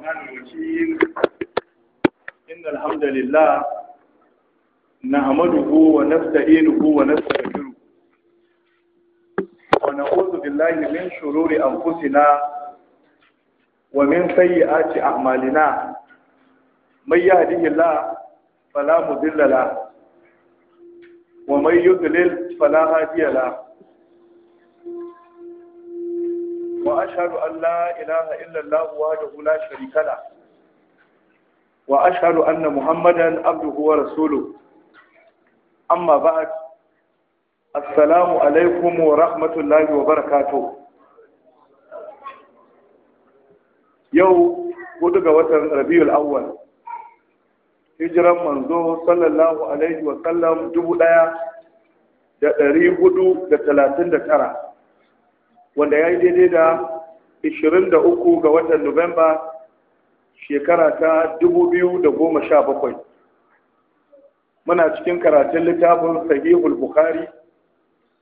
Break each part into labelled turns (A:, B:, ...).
A: الرحمن الرحيم إن الحمد لله نعمده ونستعينه ونستغفره ونعوذ بالله من شرور أنفسنا ومن سيئات أعمالنا من يهده الله فلا مضل له ومن يضلل فلا هادي له وأشهد أن لا إله إلا الله وحده لا شريك له وأشهد أن محمدا عبده ورسوله أما بعد السلام عليكم ورحمة الله وبركاته يوم قدق وتر ربيع الأول hijiran manzo sallallahu alaihi wa sallam dubu ɗaya da ɗari hudu da talatin da tara wanda ya yi daidai da 23 ga watan nuwamba shekara ta 2017 muna cikin karatun littafin sahihul bukhari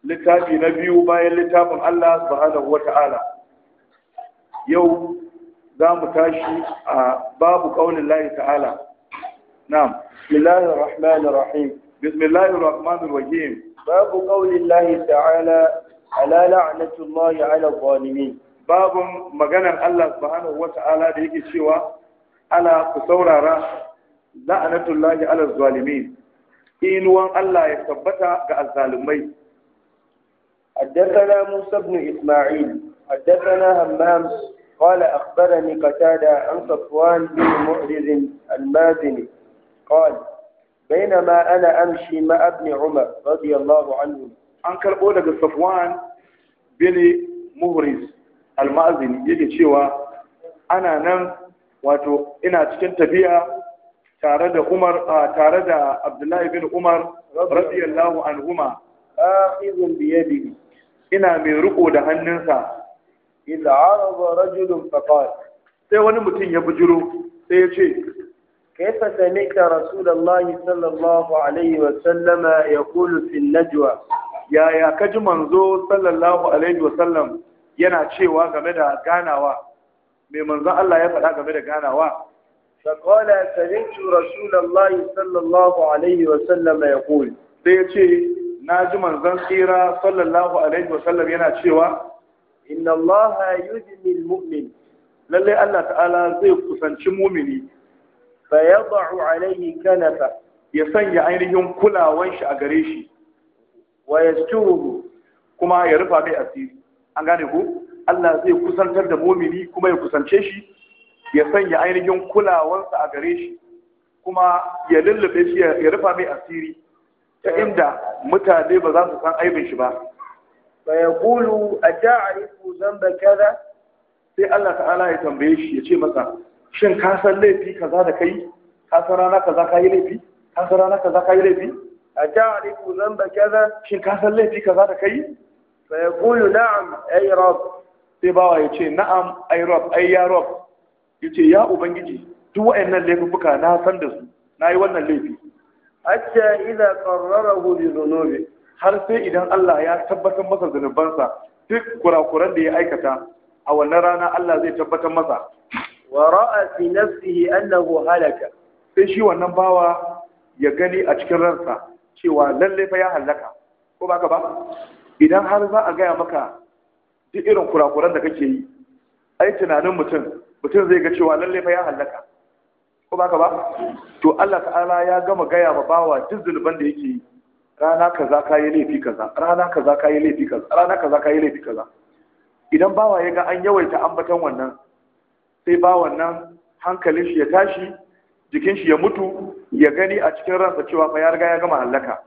A: littafi na biyu bayan littafin allah subhanahu wata'ala yau za mu tashi a babu ƙaunin layi ta'ala na'am bismillahir rahmanir rahim bismillahir rahmanir rahim babu ƙaunin layi ta'ala ala la'natullahi ala zalimin babun maganar Allah subhanahu wata'ala da yake cewa ala ku saurara la'natullahi ala zalimin inuwan Allah ya tabbata ga azzalumai حدثنا موسى بن إسماعيل حدثنا همام قال أخبرني قتادة عن صفوان بن معرز المازني قال بينما amshi أمشي مع ابن عمر رضي الله عنه an karɓo daga safwan bin muhris almazini yake cewa ana nan wato ina cikin tafiya tare da umar tare da abdullahi bin umar radiyallahu anhuma akhizun bi yadihi ina mai riko da hannunsa idza arada rajulun faqal sai wani mutum ya bujiro sai ya ce kaifa sami'ta rasulullahi sallallahu alaihi wa sallama yaqulu fil najwa yaya ka ji manzo sallallahu alaihi wa sallam yana cewa game da ganawa mai manzon Allah ya faɗa game da ganawa فقال سمعت رسول الله صلى الله عليه وسلم يقول sai ya ce na ji manzon tsira sallallahu alaihi wa sallam, yana cewa inna allaha yudni almu'min lalle Allah ta'ala zai kusanci mumini fa yad'u alaihi kanafa ya sanya ainihin kulawan shi a gare shi wa kuma ya rufa mai asiri an gane ku Allah zai kusantar da mumini kuma ya kusance shi ya sanya ainihin kulawarsa a gare shi kuma ya lullube shi ya rufa mai asiri ta inda mutane ba za su san aibin shi ba fa yaqulu ata'rifu dhanba kaza sai Allah ta'ala ya tambaye shi ya ce masa shin ka san laifi kaza da kai ka san rana kaza ka yi laifi ka san rana kaza ka yi laifi a ta'rifu dhanba kaza shin ka san laifi kaza da kai fa yaqulu na'am ay rabb sai bawa ya ce na'am ay rabb ay ya rabb yace ya ubangiji duk wayannan laifuka na san da su nayi wannan laifi hatta idza qarrarahu bi dhunubi har sai idan Allah ya tabbatar masa zunubansa duk kurakuran da ya aikata a wannan rana Allah zai tabbatar masa wa ra'a fi nafsihi annahu halaka sai shi wannan bawa ya gani a cikin ransa cewa lalle fa ya hallaka ko ba ka ba idan har za a gaya maka duk irin kurakuran da kake yi ai tunanin mutum mutum zai ga cewa lalle fa ya hallaka ko ba ka ba to Allah ta'ala ya gama gaya ma bawa duk zulban da yake yi rana kaza ka yi laifi kaza rana kaza ka yi laifi kaza rana kaza ka yi laifi kaza idan bawa ya ga an yawaita ambaton wannan sai bawan nan hankalin shi ya tashi jikin shi ya mutu ya gani a cikin ransa cewa fa ya riga ya gama halaka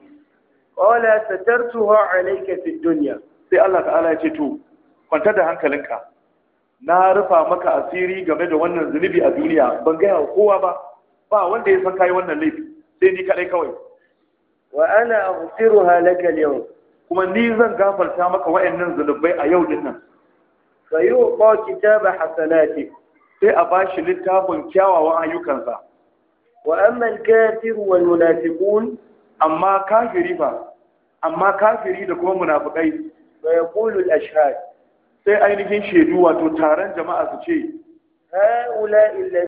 A: qala satartuha alayka fi dunya sai Allah ta'ala ya ce to kwanta da hankalinka na rufa maka asiri game da wannan zunubi a duniya ban gaya kowa ba ba wanda ya san kai wannan laifi sai ni kadai kawai wa ana aghfiruha laka al-yawm kuma ni zan gafarta maka wayannan zunubai a yau dinnan nan fa yuqa kitaba hasanati sai a bashi littafin kyawawan ayyukansa wa amman kafiru wal munafiqun amma kafiri ba amma kafiri da kuma munafiqai fa yaqulu al ashhad sai ainihin shaidu wato taron jama'a su ce ha'ula